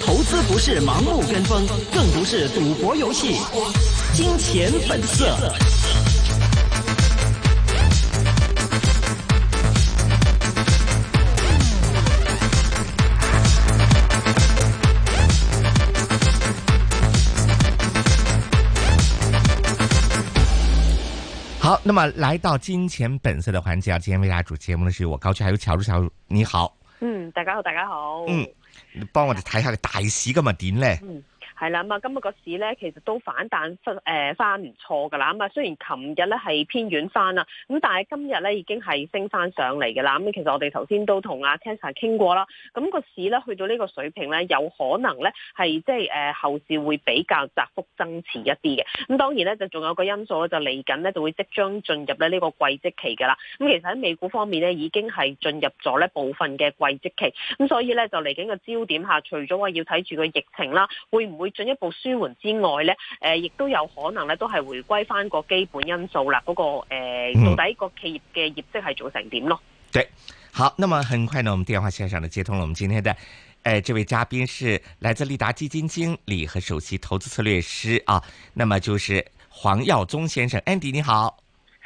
投資不是盲目跟風，更不是賭博遊戲。金錢本色。 好，那麼來到金錢本色的環節啊，今天為大家主持節目的是我高軍，還有巧如，巧如，你好。嗯，大家好，大家好。嗯，你幫我哋睇下個大市今日點咧？嗯係啦，咁啊，今日個市咧其實都反彈，誒翻唔錯㗎啦。咁啊，雖然琴日咧係偏軟翻啦，咁但係今日咧已經係升翻上嚟㗎啦。咁其實我哋頭先都同阿 Cancer 傾過啦，咁個市咧去到呢個水平咧，有可能咧係即係誒後市會比較窄幅增持一啲嘅。咁當然咧就仲有個因素咧，就嚟緊咧就會即將進入咧呢個季績期㗎啦。咁其實喺美股方面咧已經係進入咗咧部分嘅季績期，咁所以咧就嚟緊個焦點下，除咗話要睇住個疫情啦，會唔會，進一步舒緩之外呢誒，亦、呃、都有可能咧，都係回歸翻個基本因素啦。嗰、那個誒、呃，到底個企業嘅業績係做成點咯、嗯？對，好，那麼很快呢，我們電話線上呢接通了。我們今天的誒、呃，這位嘉賓是來自利達基金經理和首席投資策略師啊，那麼就是黃耀宗先生，Andy 你好。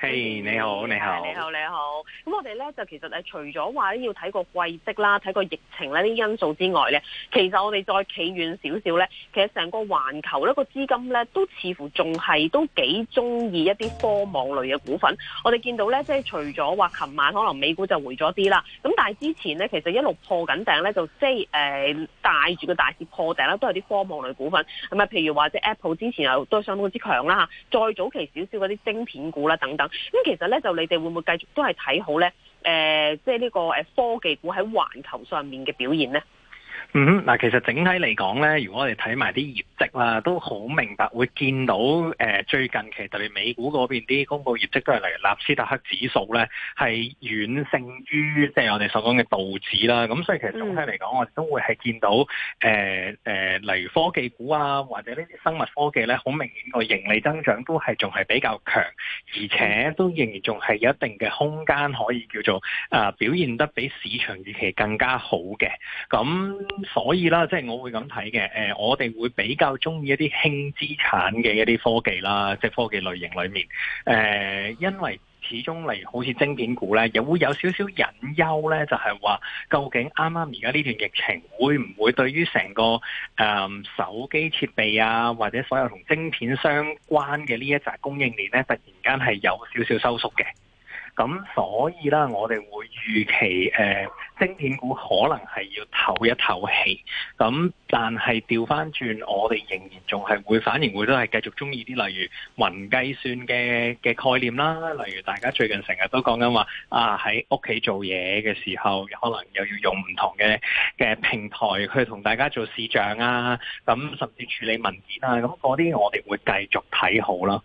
嘿，hey，你好，你好，你好，你好。咁我哋咧就其實誒，除咗話要睇個季績啦，睇個疫情呢啲因素之外咧，其實我哋再企遠少少咧，其實成個環球呢個資金咧都似乎仲係都幾中意一啲科網類嘅股份。我哋見到咧，即係除咗話琴晚可能美股就回咗啲啦，咁但係之前咧其實一路破緊頂咧，就即係誒帶住個大市破頂啦，都係啲科網類股份。咁啊，譬如話即 Apple 之前又都相當之強啦吓，再早期少少嗰啲晶片股啦等等。咁其實咧，就你哋會唔會繼續都係睇好咧？誒、呃，即係呢個誒科技股喺環球上面嘅表現咧？嗯，嗱，其實整體嚟講咧，如果我哋睇埋啲業績啦，都好明白會見到，誒、呃，最近其實特別美股嗰邊啲公布業績都係嚟納斯達克指數咧，係遠勝於即係我哋所講嘅道指啦。咁所以其實總體嚟講，嗯、我哋都會係見到，誒、呃，誒、呃，例如科技股啊，或者呢啲生物科技咧，好明顯個盈利增長都係仲係比較強，而且都仍然仲係有一定嘅空間可以叫做，誒、呃，表現得比市場預期更加好嘅，咁。咁所以啦，即係我會咁睇嘅。誒、呃，我哋會比較中意一啲輕資產嘅一啲科技啦，即係科技類型裏面。誒、呃，因為始終嚟，好似晶片股咧，又會有少少隱憂咧，就係、是、話究竟啱啱而家呢段疫情會唔會對於成個誒、呃、手機設備啊，或者所有同晶片相關嘅呢一紮供應鏈咧，突然間係有少少收縮嘅。咁所以啦，我哋會預期誒。呃芯片股可能係要透一透氣。咁但係調翻轉，我哋仍然仲係會反而會都係繼續中意啲，例如雲計算嘅嘅概念啦，例如大家最近成日都講緊話啊喺屋企做嘢嘅時候，可能又要用唔同嘅嘅平台去同大家做視像啊，咁、啊、甚至處理文件啊，咁嗰啲我哋會繼續睇好咯。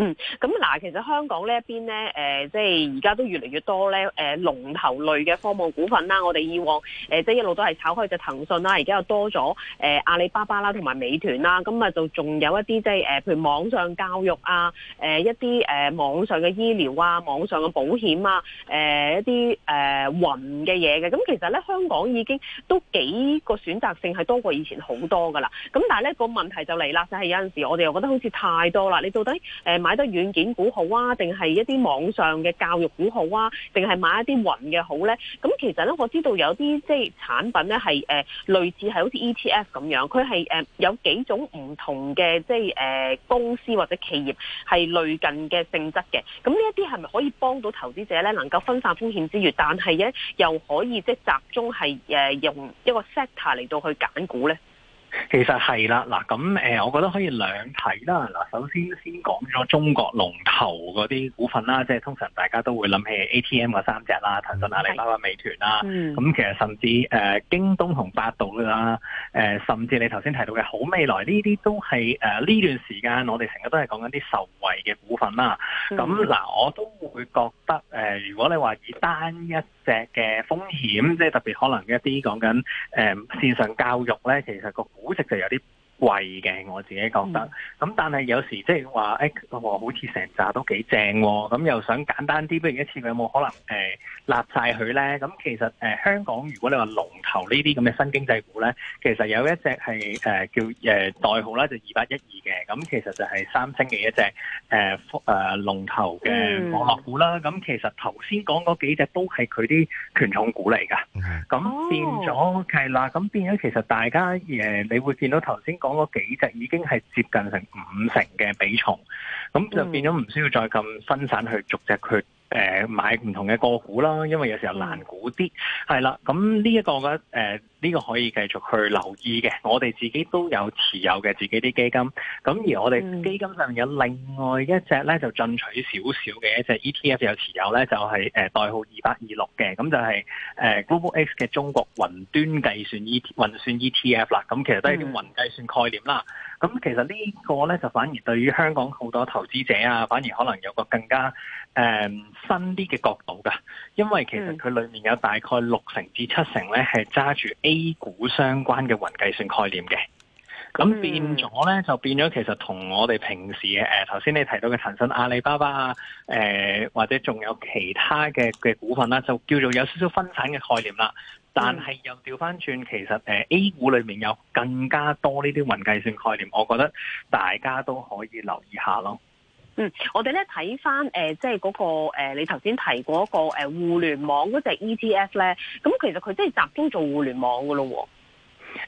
嗯，咁嗱，其實香港呢一邊咧，誒、呃，即係而家都越嚟越多咧，誒、呃，龍頭類嘅科網股份啦。我哋以往誒、呃，即係一路都係炒開隻騰訊啦，而家又多咗誒、呃、阿里巴巴啦，同埋美團啦。咁啊，就仲有一啲即係誒，譬、呃、如網上教育啊，誒一啲誒、呃、網上嘅醫療啊，網上嘅保險啊，誒一啲誒、呃、雲嘅嘢嘅。咁、啊、其實咧，香港已經都幾個選擇性係多過以前好多噶啦。咁、啊、但係咧，個問題就嚟啦，就係、是、有陣時我哋又覺得好似太多啦。你到底誒、呃呃呃呃買得軟件股好啊，定係一啲網上嘅教育股好啊，定係買一啲雲嘅好咧？咁其實咧，我知道有啲即係產品咧係誒類似係好似 ETF 咁樣，佢係誒有幾種唔同嘅即係誒公司或者企業係類近嘅性質嘅。咁呢一啲係咪可以幫到投資者咧，能夠分散風險之餘，但係咧又可以即係集中係誒用一個 sector 嚟到去揀股咧？其實係啦，嗱咁誒，我覺得可以兩睇啦。嗱，首先先講咗中國龍頭嗰啲股份啦，即係通常大家都會諗起 ATM 嗰三隻啦，騰訊、阿里巴巴、美團啦，咁、嗯、其實甚至誒、呃、京東同百度啦，誒、呃、甚至你頭先提到嘅好未來呢啲都係誒呢段時間我哋成日都係講緊啲受惠嘅股份啦。咁嗱、嗯呃，我都會覺得誒、呃，如果你話以單一嘅嘅風險，即係特別可能一啲講緊誒線上教育咧，其實個估值就有啲貴嘅，我自己覺得。咁但係有時即係話誒，好似成扎都幾正，咁又想簡單啲，不如一次佢有冇可能誒納曬佢咧？咁其實誒香港如果你話農投呢啲咁嘅新經濟股咧，其實有一隻係誒、呃、叫誒、呃、代號咧就二八一二嘅，咁、嗯嗯、其實就係三星嘅一隻誒誒龍頭嘅網絡股啦。咁其實頭先講嗰幾隻都係佢啲權重股嚟㗎，咁 Okay. 變咗係、oh. 啦。咁變咗其實大家誒，你會見到頭先講嗰幾隻已經係接近成五成嘅比重，咁就變咗唔需要再咁分散去逐隻缺。誒、呃，買唔同嘅個股啦，因為有時候難估啲，係啦，咁呢一個嘅誒。呃呢個可以繼續去留意嘅，我哋自己都有持有嘅自己啲基金。咁而我哋基金上有另外一隻咧，就進取少少嘅一隻 ETF 有持有咧，就係、是、誒代號二八二六嘅，咁就係誒 Global X 嘅中國雲端計算 E 運算 ETF 啦。咁其實都係啲雲計算概念啦。咁、嗯、其實個呢個咧就反而對於香港好多投資者啊，反而可能有個更加誒、呃、新啲嘅角度噶，因為其實佢裡面有大概六成至七成咧係揸住 A 股相關嘅雲計算概念嘅，咁、嗯、變咗呢，就變咗，其實同我哋平時嘅誒，頭、呃、先你提到嘅騰訊、阿里巴巴啊，誒、呃、或者仲有其他嘅嘅股份啦，就叫做有少少分散嘅概念啦。但係又掉返轉，其實誒、呃、A 股裏面有更加多呢啲雲計算概念，我覺得大家都可以留意下咯。嗯，我哋咧睇翻誒，即係嗰、嗰個、誒、你頭先提過一、個、誒、互聯網嗰隻 ETF 咧，咁其實佢即係集中做互聯網噶咯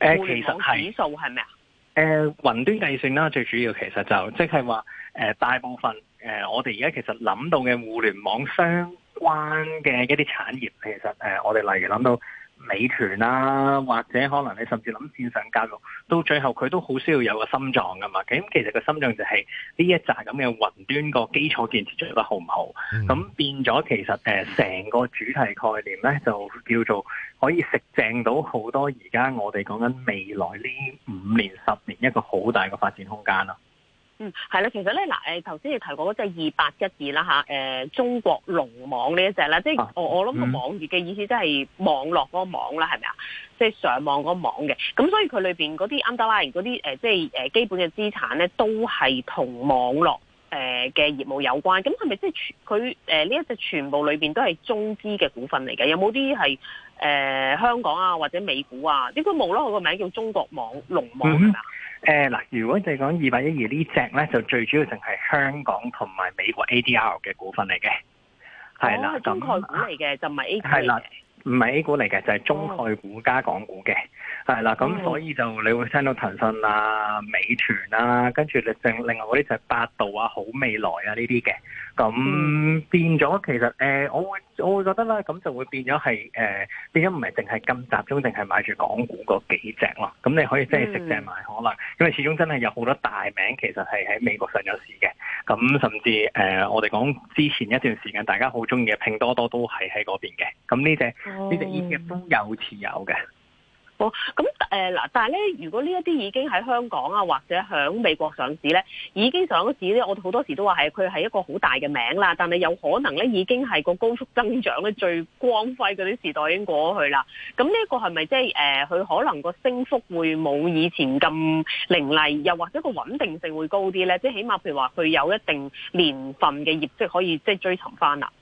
喎。其實係，指數係咩啊？誒，雲端計算啦，最主要其實就即係話誒，大部分誒、誒，我哋而家其實諗到嘅互聯網相關嘅一啲產業，其實誒、誒，我哋例如諗到。美團啦、啊，或者可能你甚至諗線上教育，到最後佢都好需要有個心臟噶嘛。咁其實個心臟就係呢一紮咁嘅雲端個基礎建設做得好唔好。咁、嗯、變咗其實誒成、呃、個主題概念咧，就叫做可以食正到好多。而家我哋講緊未來呢五年十年一個好大嘅發展空間啦。嗯，係啦，其實咧嗱，誒，頭先你提過嗰隻二八一二啦吓，誒、啊呃，中國龍網呢一隻啦，即係、啊嗯、我我諗個網字嘅意思，即係、就是、網絡嗰個網啦，係咪啊？即係上網嗰個網嘅，咁所以佢裏邊嗰啲 underlying 嗰啲，誒，即係誒，基本嘅資產咧，都係同網絡。誒嘅、呃、業務有關，咁係咪即係佢誒呢一隻全部裏邊都係中資嘅股份嚟嘅？有冇啲係誒香港啊或者美股啊？應該冇咯，佢個名叫中國網龍網，係咪啊？誒嗱，如果就係講二百一二呢隻咧，就最主要淨係香港同埋美國 ADR 嘅股份嚟嘅，係、哦、啦，啊、就涵蓋股嚟嘅，就唔係 ADR 唔係 A 股嚟嘅，就係、是、中概股加港股嘅，係啦、嗯，咁所以就你會聽到騰訊啊、美團啊，跟住另另外啲就係百度啊、好未來啊呢啲嘅，咁變咗其實誒、呃，我會我會覺得啦，咁就會變咗係誒，變咗唔係淨係咁集中，淨係買住港股嗰幾隻咯，咁你可以即係食正買可能，嗯、因為始終真係有好多大名其實係喺美國上咗市嘅。咁甚至誒、呃，我哋講之前一段時間大家好中意嘅拼多多都係喺嗰邊嘅。咁呢隻呢隻 ETF 嘅都有持有嘅。嗯哦，咁誒嗱，但係咧，如果呢一啲已經喺香港啊或者響美國上市咧，已經上市咧，我哋好多時都話係佢係一個好大嘅名啦，但係有可能咧已經係個高速增長咧最光輝嗰啲時代已經過咗去啦。咁呢一個係咪即係誒，佢、呃、可能個升幅會冇以前咁凌厲，又或者個穩定性會高啲咧？即係起碼譬如話佢有一定年份嘅業績可以即係、就是、追尋翻啦。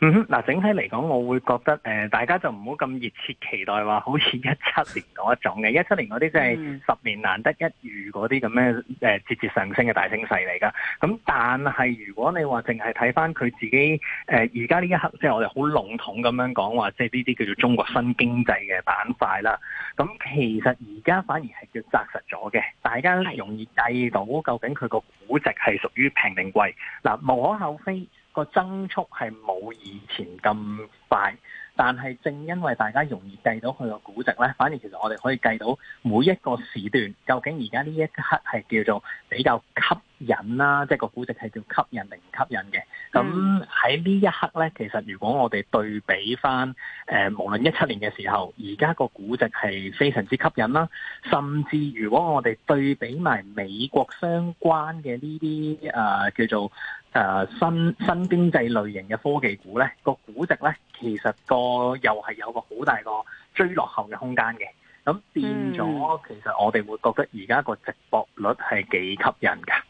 嗯，嗱，整體嚟講，我會覺得誒、呃，大家就唔好咁熱切期待話，好似一七年嗰一種嘅，一七年嗰啲真係十年難得一遇嗰啲咁嘅誒，節節上升嘅大升勢嚟噶。咁、嗯、但係如果你話淨係睇翻佢自己誒，而家呢一刻，即係我哋好籠統咁樣講話，即係呢啲叫做中國新經濟嘅板塊啦。咁、嗯、其實而家反而係叫紮實咗嘅，大家容易計到究竟佢個估值係屬於平定貴。嗱、呃，無可厚非。個增速係冇以前咁快，但係正因為大家容易計到佢個估值咧，反而其實我哋可以計到每一個時段，究竟而家呢一刻係叫做比較吸。引啦，嗯、即係個估值係叫吸引定唔吸引嘅。咁喺呢一刻咧，其實如果我哋對比翻，誒、呃、無論一七年嘅時候，而家個估值係非常之吸引啦。甚至如果我哋對比埋美國相關嘅呢啲誒叫做誒、呃、新新經濟類型嘅科技股咧，個估值咧其實個又係有個好大個追落後嘅空間嘅。咁變咗，嗯、其實我哋會覺得而家個值博率係幾吸引噶。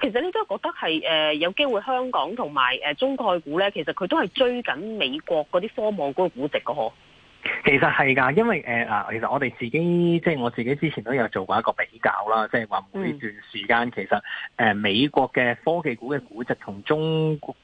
其實你都覺得係誒、呃、有機會香港同埋誒中概股咧，其實佢都係追緊美國嗰啲科網嗰個股估值嘅呵？其實係噶，因為誒啊、呃，其實我哋自己即係我自己之前都有做過一個比較啦，即係話每段時間、嗯、其實誒、呃、美國嘅科技股嘅估值同中國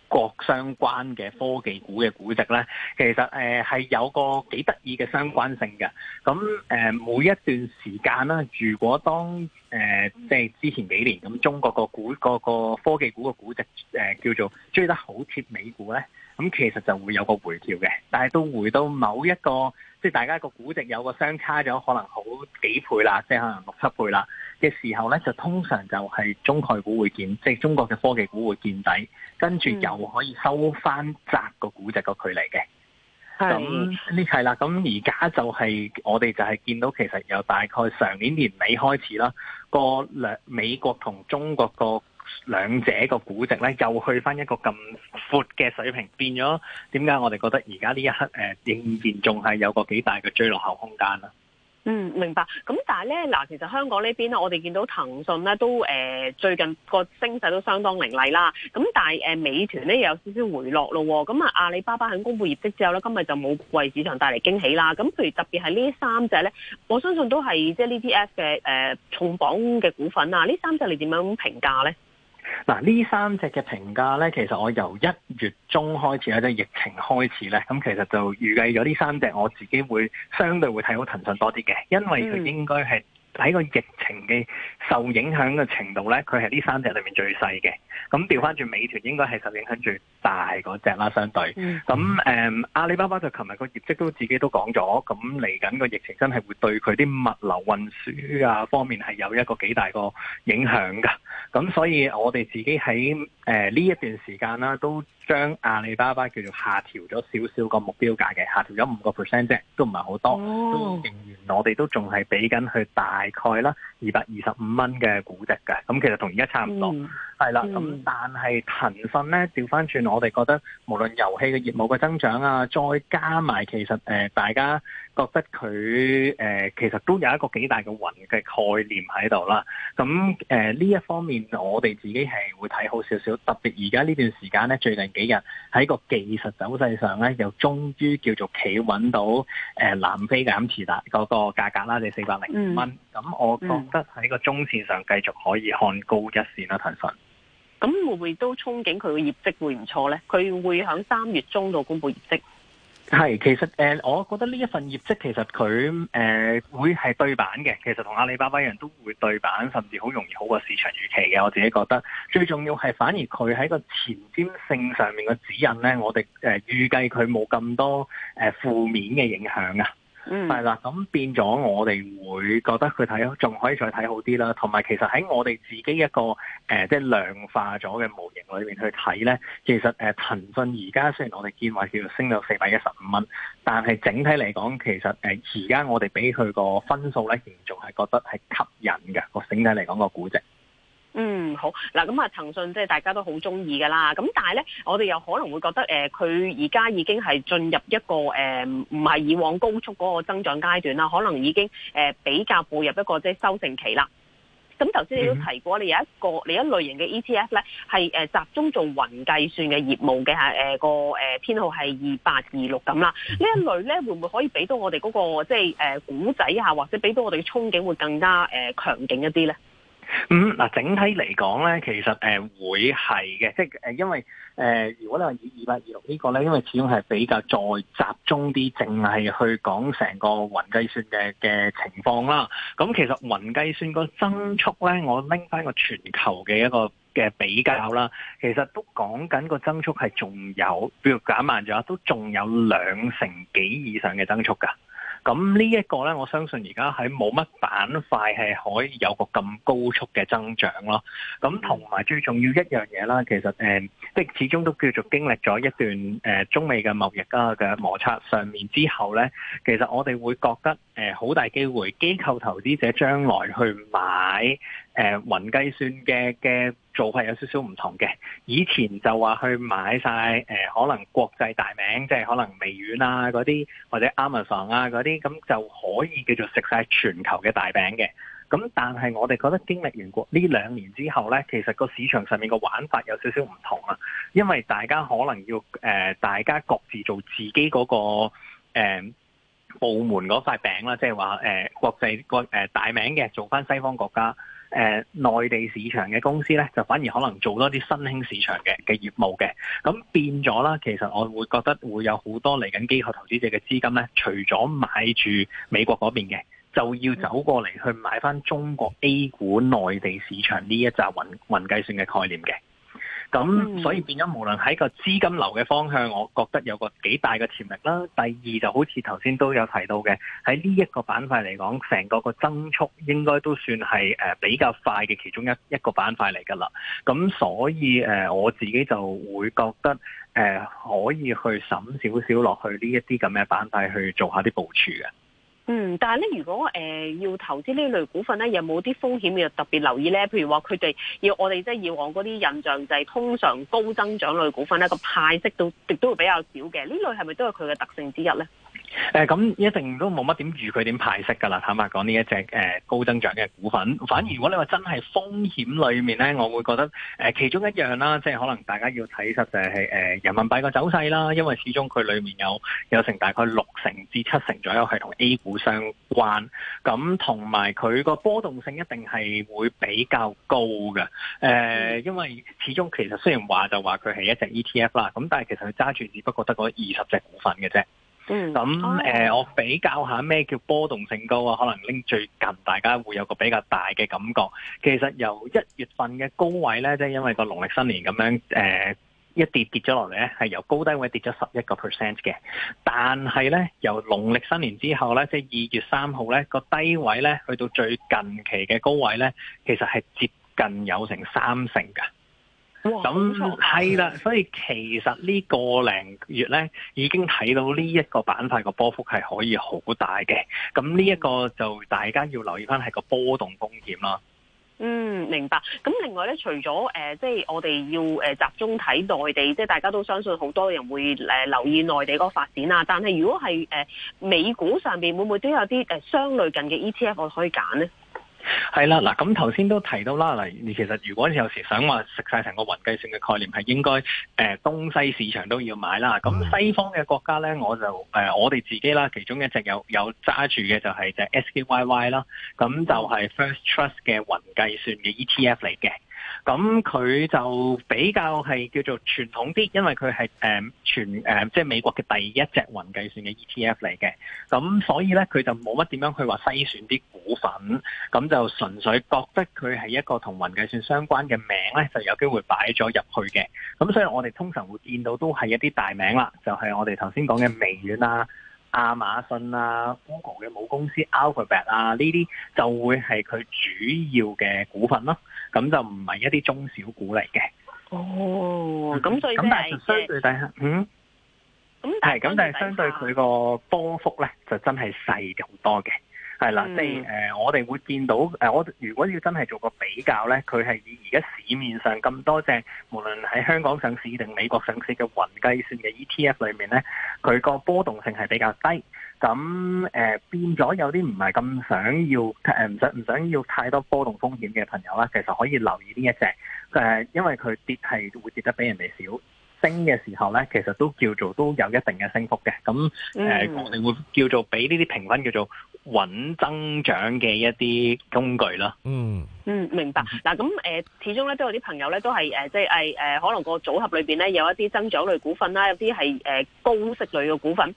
相關嘅科技股嘅估值咧，其實誒係、呃、有個幾得意嘅相關性嘅。咁誒、呃、每一段時間啦，如果當誒、呃、即係之前幾年咁，中國個股、嗰個科技股嘅估值誒、呃、叫做追得好貼美股咧。咁其實就會有個回調嘅，但係都回到某一個，即係大家個估值有個相差咗，可能好幾倍啦，即係可能六七倍啦嘅時候咧，就通常就係中概股會見，即係中國嘅科技股會見底，跟住又可以收翻窄個估值個距離嘅。咁呢係啦，咁而家就係、係、我哋就係見到其實由大概上年年尾開始啦，個兩美國同中國個。兩者個估值咧，又去翻一個咁闊嘅水平，變咗點解？我哋覺得而家呢一刻誒、呃，仍然仲係有個幾大嘅追落後空間啦。嗯，明白。咁但係咧嗱，其實香港呢邊咧，我哋見到騰訊咧都誒、呃、最近個升勢都相當凌厲啦。咁但係誒美團咧又有少少回落咯。咁、嗯、啊阿里巴巴肯公布業績之後咧，今日就冇為市場帶嚟驚喜啦。咁、嗯、譬如特別係呢三隻咧，我相信都係即係呢啲 S 嘅誒重磅嘅股份啊。呢三隻你點樣評價咧？嗱，呢三隻嘅評價呢，其實我由一月中開始咧，即係疫情開始呢，咁、嗯、其實就預計咗呢三隻，我自己會相對會睇好騰訊多啲嘅，因為佢應該係喺個疫情嘅受影響嘅程度呢，佢係呢三隻裏面最細嘅。咁掉翻轉，美團應該係受影響最大嗰隻啦。相對咁誒、嗯嗯嗯，阿里巴巴就琴日個業績都自己都講咗，咁嚟緊個疫情真係會對佢啲物流運輸啊方面係有一個幾大個影響噶。咁所以我哋自己喺誒呢一段時間啦、啊，都，將阿里巴巴叫做下調咗少少個目標價嘅，下調咗五個 percent 啫，都唔係好多。Oh. 仍然我哋都仲係畀緊佢大概啦二百二十五蚊嘅估值嘅，咁其實同而家差唔多，係啦、mm.。咁、嗯嗯、但係騰訊咧調翻轉，我哋覺得無論遊戲嘅業務嘅增長啊，再加埋其實誒、呃、大家覺得佢誒、呃、其實都有一個幾大嘅雲嘅概念，喺度啦。咁誒呢一方面我哋自己係會睇好少少，特別而家呢段時間咧最近。幾日喺個技術走勢上咧，又終於叫做企穩到誒、呃、南非減持啦嗰個價格啦，即係四百零五蚊。咁、嗯、我覺得喺個中線上繼續可以看高一線啦、啊，騰訊。咁、嗯嗯、會唔會都憧憬佢嘅業績會唔錯咧？佢會喺三月中度公布業績。係，其實誒、呃，我覺得呢一份業績其實佢誒、呃、會係對版嘅，其實同阿里巴巴一樣都會對版，甚至好容易好過市場預期嘅。我自己覺得最重要係反而佢喺個前瞻性上面嘅指引咧，我哋誒、呃、預計佢冇咁多誒、呃、負面嘅影響啊。係啦，咁、嗯、變咗我哋會覺得佢睇仲可以再睇好啲啦。同埋其實喺我哋自己一個誒，即、呃、係、就是、量化咗嘅模型裏面去睇咧，其實誒騰訊而家雖然我哋見話叫做升到四百一十五蚊，但係整體嚟講，其實誒而家我哋俾佢個分數咧，嚴重係覺得係吸引嘅個整體嚟講個估值。嗯，好嗱，咁啊，騰訊即係大家都好中意噶啦，咁但係咧，我哋又可能會覺得，誒、呃，佢而家已經係進入一個誒，唔、呃、係以往高速嗰個增長階段啦，可能已經誒、呃、比較步入一個即係修正期啦。咁頭先你都提過，你有一個你一類型嘅 ETF 咧，係誒、呃、集中做雲計算嘅業務嘅，係誒個誒編號係二八二六咁啦。呢一類咧，會唔會可以俾到我哋嗰個即係誒股仔啊，或者俾到我哋嘅憧憬會更加誒、呃呃、強勁勁一啲咧？咁嗱、嗯，整體嚟講咧，其實誒、呃、會係嘅，即係誒，因為誒、呃，如果你話以二八二六呢個咧，因為始終係比較再集中啲，淨係去講成個雲計算嘅嘅情況啦。咁、嗯、其實雲計算個增速咧，我拎翻個全球嘅一個嘅比較啦，其實都講緊個增速係仲有，比如減慢咗，都仲有兩成幾以上嘅增速噶。咁呢一個呢，我相信而家喺冇乜板塊係可以有個咁高速嘅增長咯。咁同埋最重要一樣嘢啦，其實誒，即、呃、係始終都叫做經歷咗一段誒、呃、中美嘅貿易啊嘅摩擦上面之後呢，其實我哋會覺得誒好、呃、大機會，機構投資者將來去買。誒、呃、雲計算嘅嘅做法有少少唔同嘅，以前就話去買晒誒、呃、可能國際大名，即係可能微軟啊嗰啲或者 Amazon 啊嗰啲，咁就可以叫做食晒全球嘅大餅嘅。咁但係我哋覺得經歷完過呢兩年之後呢，其實個市場上面個玩法有少少唔同啦，因為大家可能要誒、呃、大家各自做自己嗰、嗰個、呃、部門嗰塊餅啦，即係話誒國際個誒、呃、大名嘅做返西方國家。誒內、呃、地市場嘅公司咧，就反而可能做多啲新興市場嘅嘅業務嘅，咁變咗啦。其實我會覺得會有好多嚟緊機構投資者嘅資金咧，除咗買住美國嗰邊嘅，就要走過嚟去買翻中國 A 股內地市場呢一紮雲、雲計算嘅概念嘅。咁所以變咗，無論喺個資金流嘅方向，我覺得有個幾大嘅潛力啦。第二就好似頭先都有提到嘅，喺呢一個板塊嚟講，成個個增速應該都算係誒、呃、比較快嘅其中一一個板塊嚟噶啦。咁所以誒、呃，我自己就會覺得誒、呃、可以去審少少落去呢一啲咁嘅板塊去做一下啲部署嘅。嗯，但係咧，如果誒、呃、要投資呢類股份咧，有冇啲風險要特別留意咧？譬如話佢哋要我哋即係以往嗰啲印象就係通常高增長類股份咧，個派息都亦都會比較少嘅。呢類係咪都係佢嘅特性之一咧？誒，咁、嗯、一定都冇乜點預佢點派息噶啦，坦白講呢一隻誒、呃、高增長嘅股份。反而如果你話真係風險裏面咧，我會覺得誒、呃、其中一樣啦，即係可能大家要睇實就係、是、誒、呃、人民幣個走勢啦，因為始終佢裏面有有成大概六成至七成左右係同 A 股相關，咁同埋佢個波動性一定係會比較高嘅。誒、呃，因為始終其實雖然話就話佢係一隻 ETF 啦，咁但係其實佢揸住隻不過得嗰二十隻隻股份嘅啫。嗯，咁誒、呃、我比較下咩叫波動性高啊？可能拎最近，大家會有個比較大嘅感覺，其實由一月份嘅高位咧，即係因為個農曆新年咁樣誒、呃、一跌跌咗落嚟咧，係由高低位跌咗十一個 percent 嘅。但係咧，由農曆新年之後咧，即係二月三號咧，個低位咧去到最近期嘅高位咧，其實係接近有成三成嘅。咁係啦，所以其實呢個零月咧，已經睇到呢一個板塊個波幅係可以好大嘅。咁呢一個就大家要留意翻係個波動風險啦。嗯，明白。咁另外咧，除咗誒、呃，即係我哋要誒集中睇內地，即係大家都相信好多人會誒留意內地嗰個發展啦。但係如果係誒、呃、美股上邊，會唔會都有啲誒相類近嘅 ETF 可以揀咧？係啦，嗱咁頭先都提到啦，嗱， 其實如果你有時想話食晒成個雲計算嘅概念，係應該誒東西市場都要買啦。咁西方嘅國家咧，我就誒我哋自己啦，其中一隻有有揸住嘅就係就 SKYY 啦，咁就係 First Trust 嘅雲計算嘅 ETF 嚟嘅。咁佢、嗯、就比較係叫做傳統啲，因為佢係誒全誒、嗯、即係美國嘅第一隻雲計算嘅 ETF 嚟嘅，咁、嗯、所以呢，佢就冇乜點樣去話篩選啲股份，咁、嗯、就純粹覺得佢係一個同雲計算相關嘅名呢，就有機會擺咗入去嘅。咁、嗯、所以我哋通常會見到都係一啲大名啦，就係、是、我哋頭先講嘅微軟啊。亞馬遜啊，Google 嘅母公司 Alphabet 啊，呢啲就會係佢主要嘅股份咯。咁就唔係一啲中小股嚟嘅。哦，咁所以咁但係相對底下，嗯，咁係咁，但係相對佢個波幅咧，就真係細好多嘅。係啦，即係誒，我哋會見到誒，我、呃、如果要真係做個比較咧，佢係以而家市面上咁多隻無論喺香港上市定美國上市嘅雲計算嘅 ETF 裏面咧，佢個波動性係比較低，咁誒、呃、變咗有啲唔係咁想要誒唔、呃、想唔想要太多波動風險嘅朋友咧，其實可以留意呢一隻誒、呃，因為佢跌係會跌得比人哋少，升嘅時候咧，其實都叫做都有一定嘅升幅嘅，咁誒我哋會叫做俾呢啲評分叫做。穩增長嘅一啲工具啦，嗯嗯，明白。嗱咁誒，始終咧都有啲朋友咧都係誒，即係誒誒，可能個組合裏邊咧有一啲增長類股份啦，有啲係誒高息類嘅股份，咁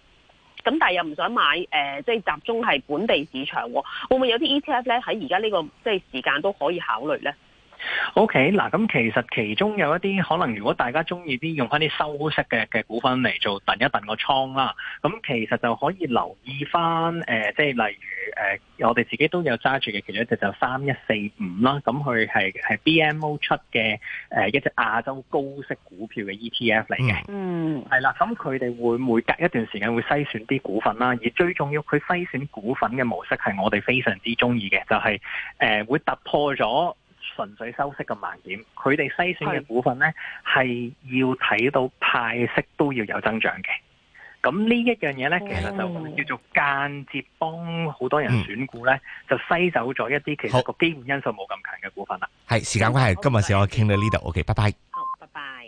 但係又唔想買誒，即係集中係本地市場，會唔會有啲 ETF 咧喺而家呢個即係時間都可以考慮咧？O K，嗱，咁、okay, 其實其中有一啲可能，如果大家中意啲用翻啲收息嘅嘅股份嚟做揼一揼個倉啦，咁其實就可以留意翻，誒、呃，即係例如誒、呃，我哋自己都有揸住嘅其中一隻就三一四五啦，咁佢係係 B M O 出嘅誒、呃、一隻亞洲高息股票嘅 E T F 嚟嘅，嗯，係啦，咁佢哋會每隔一段時間會篩選啲股份啦，而最重要，佢篩選股份嘅模式係我哋非常之中意嘅，就係、是、誒、呃、會突破咗。純粹收息嘅盲點，佢哋篩選嘅股份咧，係是要睇到派息都要有增長嘅。咁呢一樣嘢咧，其實就叫做間接幫好多人選股咧，嗯、就篩走咗一啲其實個基本因素冇咁強嘅股份啦。係時間關係，今日先我傾到呢度，OK，拜拜。好，拜拜。